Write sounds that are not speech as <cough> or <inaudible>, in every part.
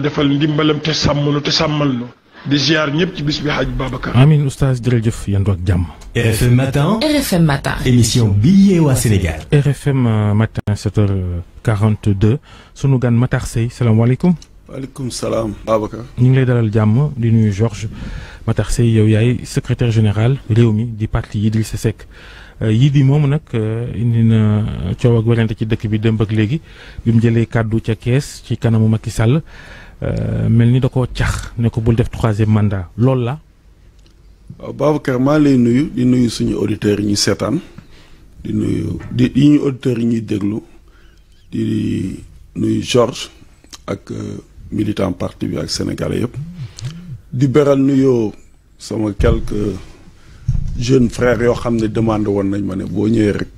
defal ndimbalam te sàmmal nu di ziar ñëpp ci bis bi xaaj Babacar. amiin oustaz jërëjëf yendoo ak jàmm. RFM matin RFM émission bi yee waa Sénégal. RFM euh, euh, sunu gan Matar Seye salaamaaleykum. waaleykum salaam Babacar. ñu ngi lay dalal jàmm di nuyu Georges Matar Seye yow yaay secrétaire général réew mi di parti Idrissa Seck euh, yii di moomu nag indi na coow ak werante ci dëkk bi démb ak léegi bi jële kàddu ca kees ci kanamu Macky Sall. Euh, mel ni da koo cax ne ko bul def troisième mandat loolu la. waaw euh, Babacar maa lay nuyu di nuyu suñu auditeurs yi ñuy seetaan di nuyu di yi ñu auditeurs yi ñuy déglu di nuyu Georges ak euh, militant parti bi ak sénégalais yëpp. di beral nuyoo sama quelques jeunes frères yoo xam ne demande woon nañ ma ne boo ñëwee rek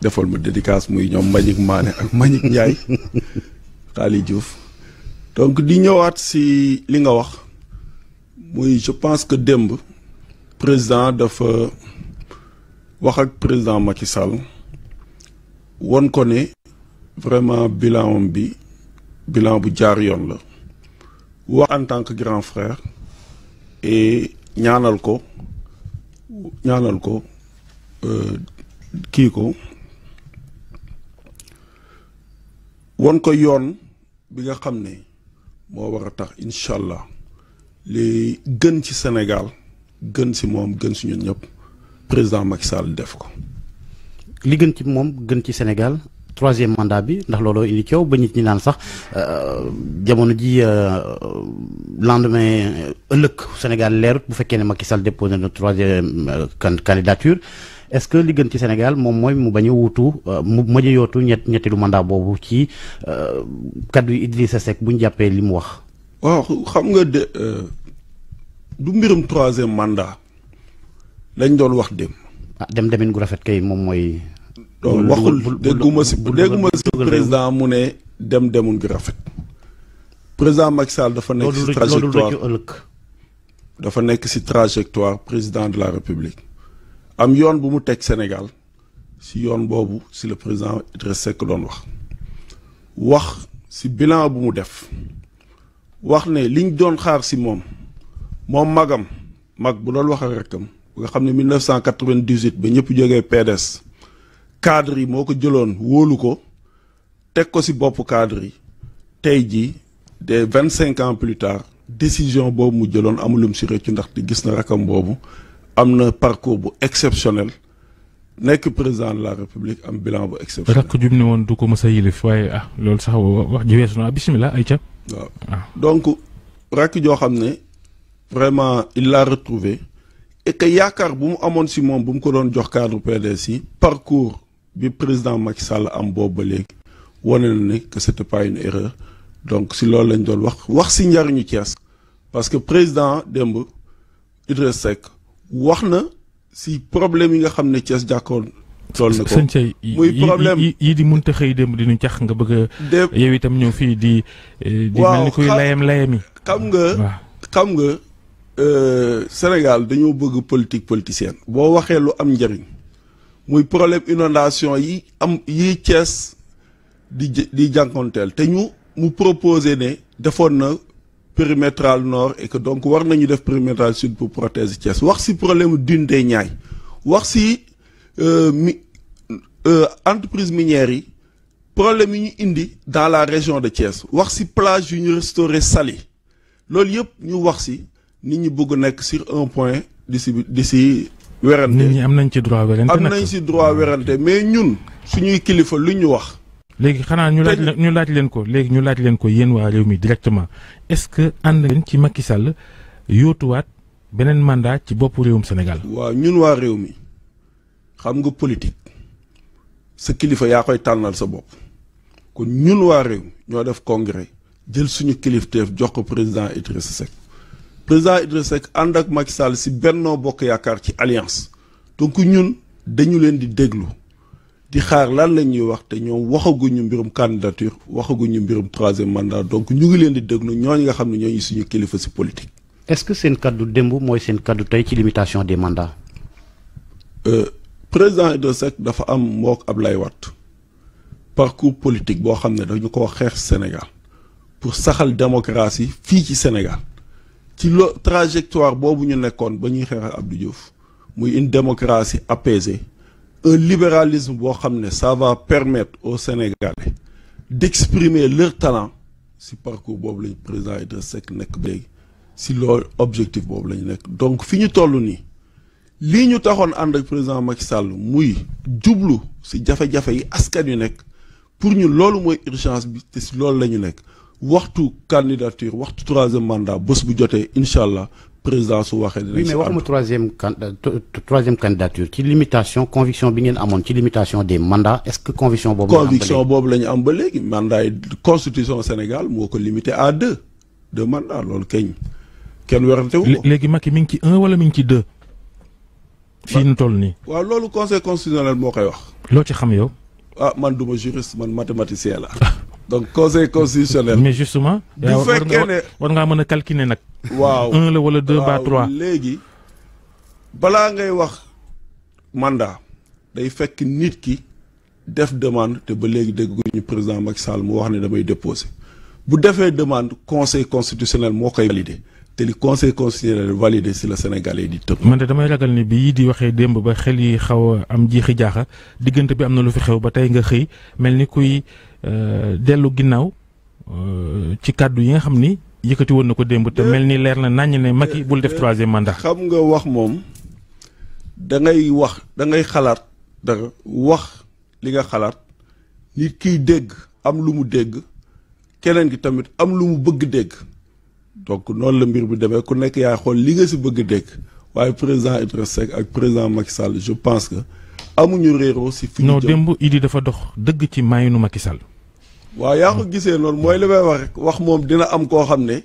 defal ma dédicace muy ñoom Mbagnick maane ak Mbagnick Ndiaye Khali Diouf. donc di ñëwaat si li nga wax muy je pense que démb président dafa wax ak président Macky Sall won ko ne vraiment bilan bi bilan bu jaar yoon la wax en tant que grand frère et ñaanal ko ñaanal ko euh, kii ko won ko yoon bi nga xam ne moo war a tax incha allah li gën ci Sénégal gën si moom gën si ñun ñëpp président Macky Sall def ko. li gën ci moom gën ci Sénégal troisième mandat bi ndax looloo indi coow ba nit ñi naan sax euh, jamono ji euh, lendemain ëllëg Sénégal leerut bu fekkee ne Macky Sall déposé na troisième euh, candidature. est-ce que li gën ci Sénégal moom mooy mu bañ a wuutu euh, mu mën a yootu ñett ñettilu mandat boobu ci euh, kaddu yi Idrissa Seck bu ñu jàppee li mu wax. waaw xam nga de euh, du mbirum troisième mandat lañ doon wax dem. ah dem demin gu rafet kay moom mooy. loolu waxul dégguma si président mu ne dem demun gu rafet. président Macky Sall dafa nekk si trajectoire dafa nekk si trajectoire président de la république. am yoon bu mu teg Sénégal si yoon boobu si le président Idrissa Seck doon wax wax si bilan bu mu def wax ne liñ doon xaar si moom moom magam mag bu doon wax ak bu nga xam ne 1998 ba ñëpp jógee PDS cadre yi moo ko jëloon wóolu ko teg ko si bopp cadre yi tey jii des vingt cinq ans plus tard décision boobu mu jëloon amulum si rëccu ndaxte gis na rakam boobu am na parcours bu exceptionnel nekk président de la république am bilan bu exceptionnel. rakk jum ne woon du ko mës a yilif waaye ah loolu sax wax ji weesu na bisimilah ay ca waaw ah. donc rakk joo xam ne vraiment il l'a retrouvé et que yaakaar bu mu amoon si moom bu mu ko doon jox cadre PDS yi parcours bi président Macky Sall am boobu ba léegi wane na ne que c'était pas une erreur donc si loolu lañ doon wax wax si njariñu Thiès parce que président démb Idriss Seck wax na si problème yi nga xam ne Thiès jàkkoon sol na ko muy problème yi di mënta xëy démb dinu cax nga bëgg a yow itam ñëw fii di eh, di mel ni kuy layam layami xam nga xam nga euh, Sénégal dañoo bëgg politique politicienne boo waxee lu am njëriñ muy problème inondation yi am yi Thiès di di jànkoonteel te ñu mu proposé ne defoon na périmétral nord et que donc war nañu def périmétral sud pour protéger Thiès wax ci problème dune des Niayes wax ci euh, mi euh, entreprise minière yi problème yi ñu indi dans la région de Thiès wax ci plage yu ñu restauré Saly loolu yëpp ñu wax ci nit ñi bëgg nekk sur un point di ci di ci werante nit ñi am nañ ci droit werante am nañ ci droit werante mais ñun suñuy kilifa lu ñu wax léegi xanaa ñu laaj ñu laaj leen ko léegi ñu laaj leen ko yéen waa réew mi directement est-ce que ànd ngeen ci Macky Sall yóotuwaat beneen mandat ci boppu réewum Sénégal. waa ñun waa réew mi xam nga politique sa kilifa yaa koy tànnal sa bopp kon ñun waa réew ñoo def congrès jël suñu kilifteef jox ko président Idrissa Seck président Idrissa Seck ànd ak Macky Sall si Benno Bokk Yaakaar ci alliance donc ñun dañu leen di déglu. di xaar lan la ñuy wax te ñoom waxaguñu mbirum candidature waxaguñu mbirum troisième mandat donc ñu ngi leen di déglu ñooñu nga xam ne ñooñu suñu kilifa si politique. est-ce que seen kàddu démb mooy seen kàddu tey ci limitation des mandats. Euh, président Idrissa Seck dafa am mook Ablaye Wade parcours politique boo xam ne dañu ko xeex Sénégal pour saxal démocratie fii ci Sénégal ci lo trajectoire boobu ñu nekkoon ba ñuy ab Abdou Diouf muy une démocratie apaisée. un libéralisme boo xam ne ça va au aux Sénégalais d'exprimer leur talent si parcours boobu lañ président Idrissa Seck nekk ba léegi si loolu objectif boobu lañ nekk donc fi ñu toll nii lii ñu taxoon ànd ak président Macky Sall muy jublu si jafe-jafe yi askan yu nekk pour ñu loolu mooy urgence bi te si loolu la ñu nekk waxtu candidature waxtu troisième mandat bés bu jotee incha allah président su waxee. dinañ si oui mais waxuma troisième can euh, euh, troisième candidature ci limitation conviction bi ngeen amoon ci limitation des mandats est-ce que conviction boobu. conviction boobu la ñu am ba léegi mandat yi constitution Sénégal moo ko limité à de deux mandats loolu kenn kenn werante wu ko. léegi Macky mi ngi ci un wala mi ngi ci deux. fii ñu toll nii. waaw loolu conseil constitutionnel moo koy wax. loo ci xam yow. ah man du ma juriste man mathématicien la. <laughs> donc conseil constitutionnel. mais justement. bu fekkee ne war ngaa mën a calculer nag. waaw un la wala deux ba trois léegi balaa ngay wax mandat day fekk nit ki def demande te ba léegi ñu président Macky Sall mu wax ne damay déposer bu defee demande conseil constitutionnel moo koy valider te li conseil constitutionnel validé si la Sénégalais di tëb. man de damay ragal ne bii di waxee démb ba xel yi xaw a am jiixi jaaxa diggante bi am na lu fi xew ba tey nga xëy Euh, dellu ginnaaw euh, ci kàddu yi nga xam ni yëkkati woon na ko démb te euh, mel ni leer na naññ ne Macky bul def troisième mandat. xam nga wax moom dangay wax da ngay xalaat da wax li nga xalaat nit kiy dégg am lu mu dégg keneen gi tamit am lu mu bëgg dégg donc noonu la mbir bi demee ku nekk yaay xool li nga si bëgg dégg waaye président Idrissa Seck ak président Macky Sall je pense que amuñu réeroo si. fi ñu jëm non démb Idi dafa dox dëgg ci maayinu Macky Sall. waa yaa ko gisee noonu mooy li may wax rek wax moom dina am koo xam ne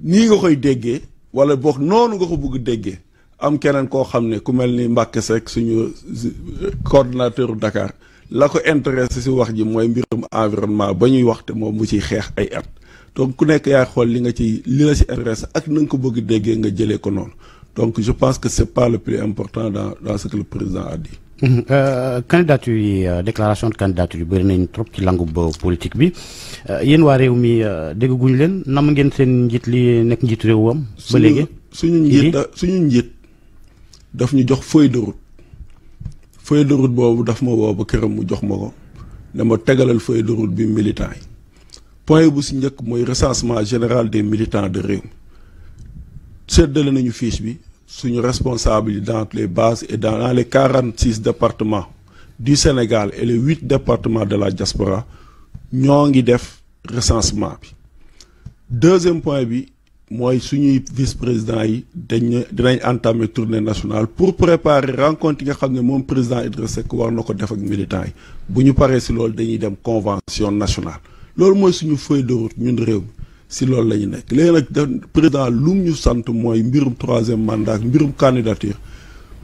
nii nga koy déggee wala boog noonu nga ko bëgg déggee am keneen koo xam ne ku mel ni Mbacke Seck suñu coordonnateur Dakar la ko intéressé si wax ji mooy mbirum environnement ba ñuy waxte moom mu ciy xeex ay at donc ku nekk yaay xool li nga ci li la ci intéressé ak na nga ko bëgg déggee nga jëlee ko noonu donc je pense que c'est pas le plus important dans dans ce que le président a dit Mhm. Euh, candidature yi euh, déclaration de candidature yu bëri nañ trop ci langu ba politique bi euh, yéen waa réew mi dégguñu leen nam ngeen seen njiit li nekk njiitu réewam. ba léegi suñu njiit suñu njiit daf ñu jox feuille de route feuille boobu daf ma woo ba këram mu jox ma ko dama tegalal feuille de route bi militant yi point bu si njëkk mooy recensement général des militants de réew séddale nañu fiche bi suñu responsable yi dans les bases et dans les quarante six départements du Sénégal et les huit départements de la diaspora ñoo ngi def recensement bi deuxième point bi mooy suñuy vice président yi dañ dinañ entamer tournée nationale pour préparer rencontre yi nga xam ne moom président Idrissa Seck war na ko def ak militants yi bu ñu paree si loolu dañuy dem convention nationale loolu mooy suñu feuille de route ñun réew mi si loolu la ñu nekk léegi nag da président lum ñu sant mooy mbirum troisième mandat mbirum candidature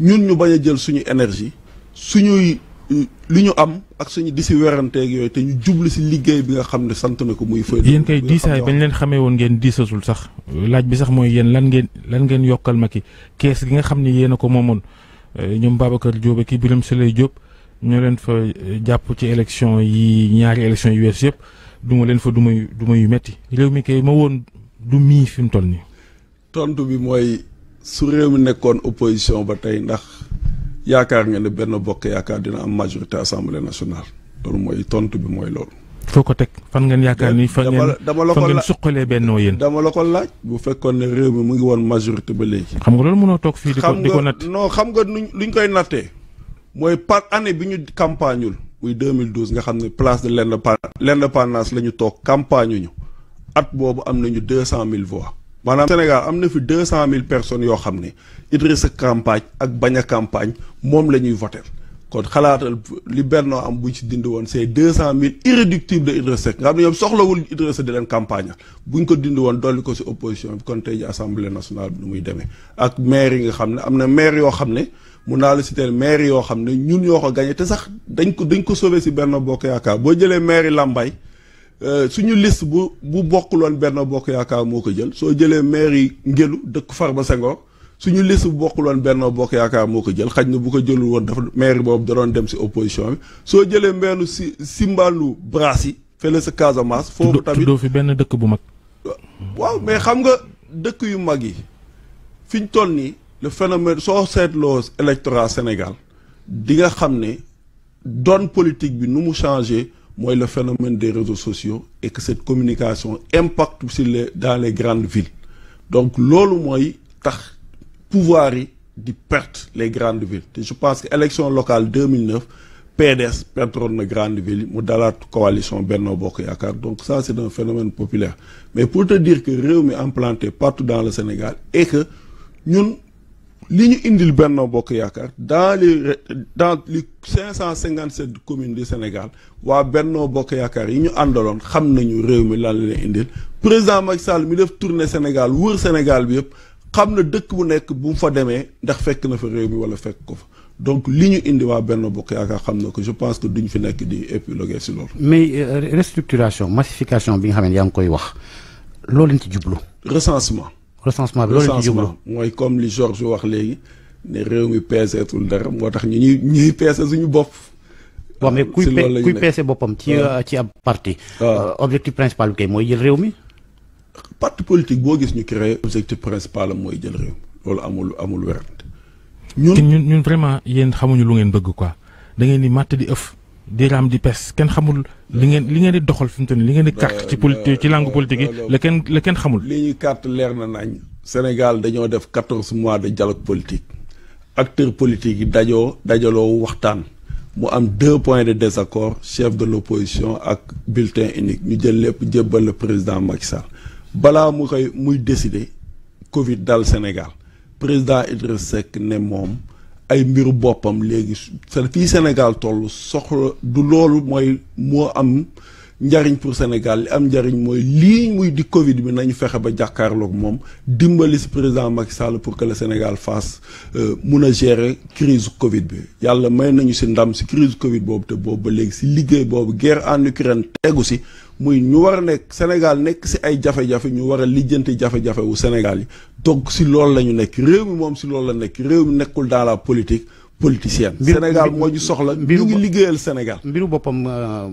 ñun ñu bañ a jël suñu énergie suñuy euh, li ñu am ak suñu di si weranteeg yooyu te ñu jublu si liggéey bi nga xam ne sant na ko muy. fay yéen kay diisaay bañ leen xamee woon ngeen diisasul sax laaj bi sax mooy yéen lan ngeen lan ngeen yokkal ma ki kees gi nga xam ni yéen a ko moomoon euh, ñoom Babacar Diop ak si lay Diop. ñoo leen fa eh, jàpp ci élection yi ñaari élection yu weesu yëpp duma leen fa duma duma yu metti réew mi kay ma woon du mii fi mu toll nii. tontu bi mooy su réew mi nekkoon opposition ba tey ndax yaakaar nga ne benn bokk yaakaar dina am majorité assemblée nationale loolu mooy tontu bi mooy loolu. foo ko teg fan ngeen yaakaar ni fan ngeen dama la ko laaj suqalee bennoo yéen dama la ko laaj bu fekkoon ne réew mi mu ngi woon majorité ba léegi. xam nga loolu mënoo toog fii di ko di ko natt. non xam nga nuñ luñ koy nattee. mooy par année bi ñu campagneul muy 2012 nga xam ne place de l'indépendance la ñu toog campagne ñu at boobu am nañu mille voix. maanaam Sénégal am na fi deux mille personnes yoo xam ne Idrissa campagne ak bañ a campagne moom la ñuy voter kon xalaatal li Benno am bu ñu ci dindi woon c'est deux cent mille irréductible de Idrissa Seck nga xam ne ñoom soxlawul Idrissa di leen campagne bu ñu ko dindi woon dolli ko si opposition bi kon tey ji assemblée nationale bi nu muy demee ak maire yi nga xam ne am na maire yoo xam ne mun naa la citer maire yoo xam ne ñun yoo ko gagné te sax dañ ko dañ ko sauvé si Benno Bokk Yaakaar boo jëlee maire yi Lambaye euh, suñu list bu bu bokkuloon Benno Bokk Yaakaar moo ko jël soo jëlee maire yi Ngélu dëkk Farba Senghor suñu list bu bokkul woon Benno Bokk Yaakaar moo ko jël xaj na bu ko jëlul woon dafa maire boobu da doon dem si opposition bi soo jëlee mbeenu si simbalu braas yi fële sa Casamance. foofu tamit tuddoo fi benn dëkk bu mag. waaw mais xam nga dëkk yu mag yi fiñ ñu toll nii le phénomène soo seetloo électorat Sénégal di nga xam ne donne politique bi nu mu changé. mooy le phénomène des réseaux sociaux et que cette communication impacte sur le dans les grande villes donc loolu mooy tax pouvoir yi di perte les grandes villes te je pense que élection locale 2009 PDS pertroon na grande ville mu dalaat coalition Benno Bokk Yaakaar donc ça c'est un phénomène populaire mais pour te dire que réew mi implanté partout dans le Sénégal e que ñun li ñu indil Benno Bokk Yaakaar dans les dans les cinq cent cinquante sept communes du Sénégal waa Benno Bokk Yaakaar yi ñu àndaloon xam nañu réew mi lan la indil président Macky Sall mi def tournée Sénégal wër Sénégal bi yëpp xam na dëkk bu nekk bu mu fa demee ndax fekk na fa réew mi wala fekk ko fa donc li ñu indi waa benn Bokk Yaakaar xam na ko je pense que duñ fi nekk di épiloguer si loolu. mais euh, restructuration massification bi nga xam ne yaa ngi koy wax loolu lañ ci jublu. recensement. recensement bi loolu lañ ci jublu mooy comme li Georges wax léegi ne réew mi peeseetul dara moo tax ñu ñuy ñuy peese suñu bopp. waaw mais kuy peese boppam ci euh, ci ab parti. Euh, objectif principal bi mooy jël réew mi. parti politique boo gis ñu créé objectif principal mooy jël réew loolu amul amul werante ñun ñun ñun vraiment yéen xamuñu lu ngeen bëgg quoi da ngeen di màtt di ëf di raam di pes kenn xamul li ngeen li ngeen di doxal fi mu toll li ngeen di carte ci politique ci langue politique yi la kenn xamul li ñuy carte leer na nañ Sénégal dañoo def quatorze mois de dialogue politique acteurs politiques yi dajoo dajaloo waxtaan mu am deux points de désaccord chef de l'opposition ak bulletin unique ñu jël lépp jébbal le président Macky Sall balaa mu koy muy décider Covid dal Sénégal président Idrissa Seck ne moom ay mbiru boppam léegi fii Sénégal tollu soxla du loolu mooy moo am njariñ pour Sénégal li am njariñ mooy lii muy di Covid bi nañu fexe ba jàkkaarlook moom dimbali si président Macky Sall pour que le Sénégal fasse euh, mun a gérer crise Covid bi yàlla may nañu si ndam si crise Covid boobu te boobu ba léegi si liggéey boobu guerre en Ukraine tegu si muy ñu war a nekk Sénégal nekk si ay jafe-jafe ñu war a lijjanti jafe-jafe wu Sénégal yi donc si loolu la ñu nekk réew mi moom si loolu la nekk réew mi nekkul dans la politique politicienne. Sénégal moo ñu soxla. mbiru liggéeyal Sénégal. mbiru boppam euh,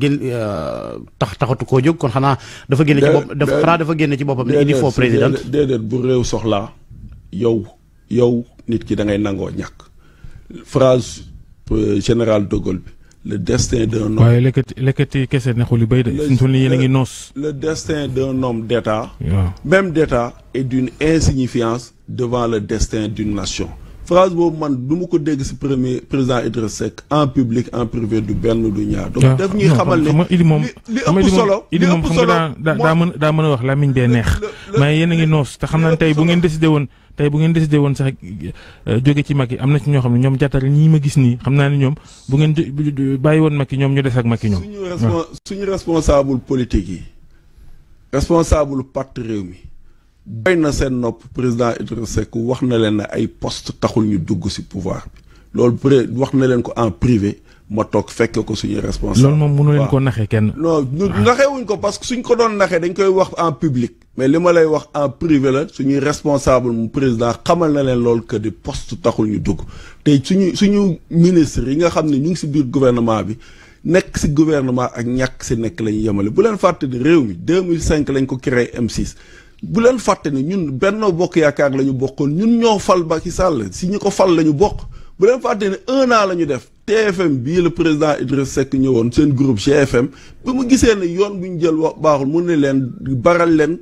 gën euh, tax taxatu koo jóg kon xanaa. dafa génne ci dafa xanaa ci boppam. ne il faut président déedéet bu réew soxlaa yow yow nit ki da ngay nangoo ñàkk phrase euh, général de Gaulle bi. le destin d'un homme waaye lekkati lekkati kese neexul li béy de. suñu yéen a ngi noos. le destin d'un homme d'État. même d'État est d'une insignifiance devant le destin d'une nation. phrase boobu man du ma ko dégg si premier président Idrissa Seck en public en privé du benn du ñaar. donc daf ñuy xamal ne li li ëpp solo li moom xam nga daa mën daa mën a wax làmmiñ dee neex. mais yéen a ngi noos te xam naa tey bu ngeen désidé woon. tey bu ngeen décidé woon sax euh, jóge ci mag yi am na ci ñoo xam ne ñoom jàttal ñii ma gis nii xam naa ne ñoom bu ngeen bàyyi woon Macky ñoom ñu des ak Macky ñoom. suñu responsable politique yi responsable parti réew mi bay na seen nopp président Idrissa Seck wax na leen ay post taxul ñu dugg si pouvoir loolu pré wax na leen ko en privé ma toog fekkee ko suñu responsable. loolu moom mënu leen ko naxee kenn. non naxewuñ ko parce que suñ ko doon naxee dañ koy wax en public. mais li ma lay wax en privé la suñuy responsable mu président xamal na leen loolu que di poste taxul ñu dugg tey suñu suñu ministre yi nga xam ne ñu ngi si biir gouvernement bi nekk si gouvernement ak ñàkk si nekk la ñu yemale bu leen fàtte ni réew mi 2005 lañ ko créé M6 bu leen fàtte ni ñun Benno Bokk Yaakaar la ñu bokkoon ñun ñoo fal Macky Sall si fal la ñu bokk. bu leen fàtte ne un an la ñu def TFM bii la président Idriss Seck ñëwoon seen groupe GFM bi mu gisee ne yoon bu ñu jël wax baaxul mun ne leen baral leen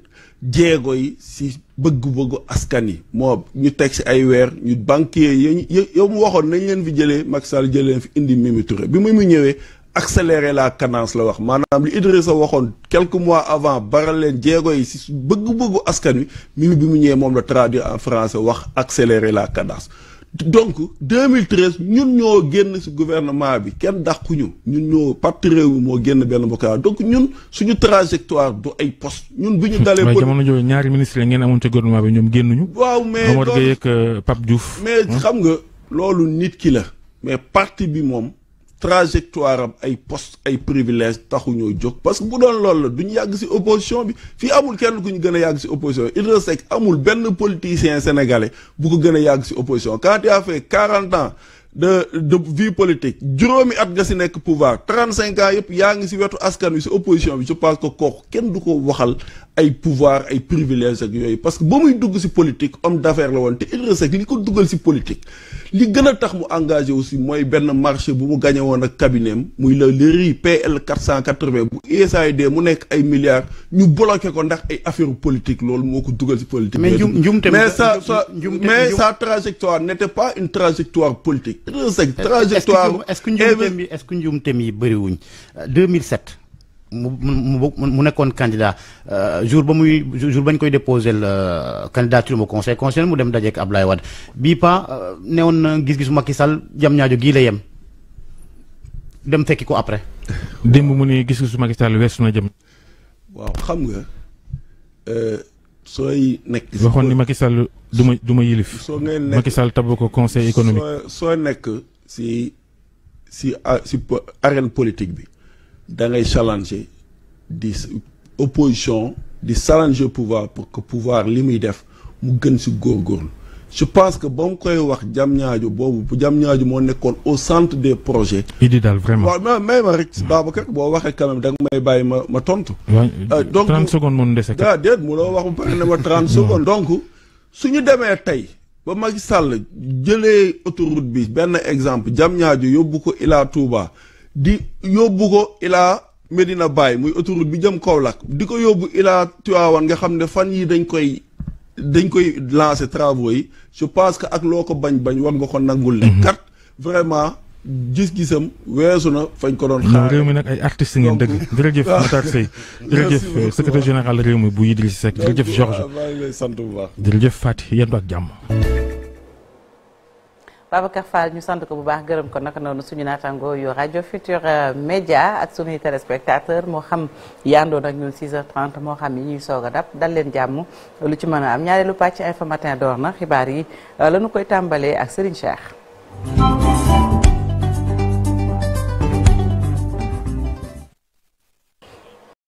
jéego yi si bëggu bëggu askan yi moom ñu teg si ay weer ñu banquier yi yow mu waxoon nañ leen fi jëlee Macky Sall leen fi indi Mimi bi mu ñëwee accélérer la cadence la wax maanaam li Idrissa waxoon quelques mois avant baral leen jéego yi si bëgg-bëggu askan wi Mimi bi mu ñëwee moom la traduire en français wax accélérer la cadence donc 2013 ñun ñoo génn ci gouvernement bi kenn dàquñu ñun ñoo parti réew mi moo génn benn mbokk donc ñun suñu trajectoire du ay post ñun bi ñu dalee. waaye jamono jooju ñaari ministre ngeen amoon ci gouvernement bi ñoom génn génnuñu. waaw mais Omar Gueye ak euh, Pape Diouf. mais xam nga loolu nit ki la mais parti bi moom. trajectoire am ay poste ay privilège taxuñoo jóg parce que bu doon loolu la du ñu yàgg ci opposition bi fii amul kenn ku ñu gën a yàgg ci opposition bi Idrissa amul benn politicien sénégalais bu ko gën a yàgg ci opposition quand il a fait ans de de vie politique juróomi at nga si nekk pouvoir 35 ans yëpp yaa ngi si wetu askan wi si opposition bi je pense que kooku kenn du ko waxal ay pouvoir ay privilèges ak yooyu parce que ba muy dugg si politique homme d'affaires la woon te Idrissa Seck li ko dugal si politique. li gën a tax mu engagé aussi mooy benn marché bu mu gagné woon ak cabinet am muy le riz PL 480 bu USAID mu nekk ay milliards ñu bloqué ko ndax ay affaire politique loolu moo ko dugal si politique. mais njum njumte mais sa sa mais sa trajectoire n'était pas politique. sec trajectoire est-ce que njuumteem yi est-ce que njuumteem yi bëriwuñ 2007 euh, mu mu mu nekkoon candidat euh, jour ba muy jour bañ koy déposé la euh, candidature mu conseil conseil mu dem dajeek Ablaye Wade bii pa newoon na gis-gisu Macky Sall jam ñaajo gii la yem dem fekki ko après. démb mu ni gis-gisu Macky Sall weesu na jëm. waaw xam nga. sooy nekk si waxoon ni Macky du ma du ma yilif. soo ngay nekk Macky Sall tabb ko conseil économique. soo soo nekk si si si arène politique bi da ngay challenger di opposition di challenger pouvoir pour que pouvoir li muy def mu gën si góorgóorlu. je pense que ba mu koy wax jam ñaaju boobu jam ñaaju moo nekkoon au centre des projets. idi daal vraiment waaw may ma rek Babacar boo waxee quand même da nga may bàyyi ma ma tontu. Euh, euh, donc 30 secondes mun dese. ah déet munoo wax ba pare ne ma 30 <laughs> secondes. donc su ñu demee tey ba Macky Sall jëlee autoroute bi benn exemple jam ñaaju yóbbu ko Ila Touba di yóbbu ko Ila Medina Baye muy autoroute bi jëm Kaolack di ko yóbbu Ila Tivaouane nga xam ne fan yi dañ koy. dañ koy lancer travaux yi je pense que ak loo ko bañ bañ war nga ko nangul ne mhm. kat vraiment gis-gisam weesu na fañ ko doon xaar réew mi nag ay artistes ngeen dëgg <laughs> jërëjëf ah, Matar Seye jërëjëf secrétaire général réew mi bu Idrissa Seck jërëjëf Georges maa ngi lay sant bu baax jërëjëf Faty yendu ak jàmm Babacar Fall ñu sant ko bu baax gërëm ko naka noonu suñu naataango yu rajo Futur euh, Média ak suñuy téléspectateur moo xam yandoon ak ñun 6h30 moo xam yi ñuy soog a dab dal leen jàmm lu ci mën a am ñaareelu pàcc Infos Matin door na xibaar yi euh, lañu koy tàmbalee ak Serigne Cheikh.